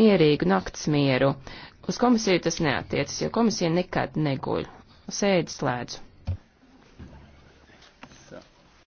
mierīgu naktsmieru. Uz komisiju tas neatiecas, jo komisija nekad neguļ. Sēdi slēdzu.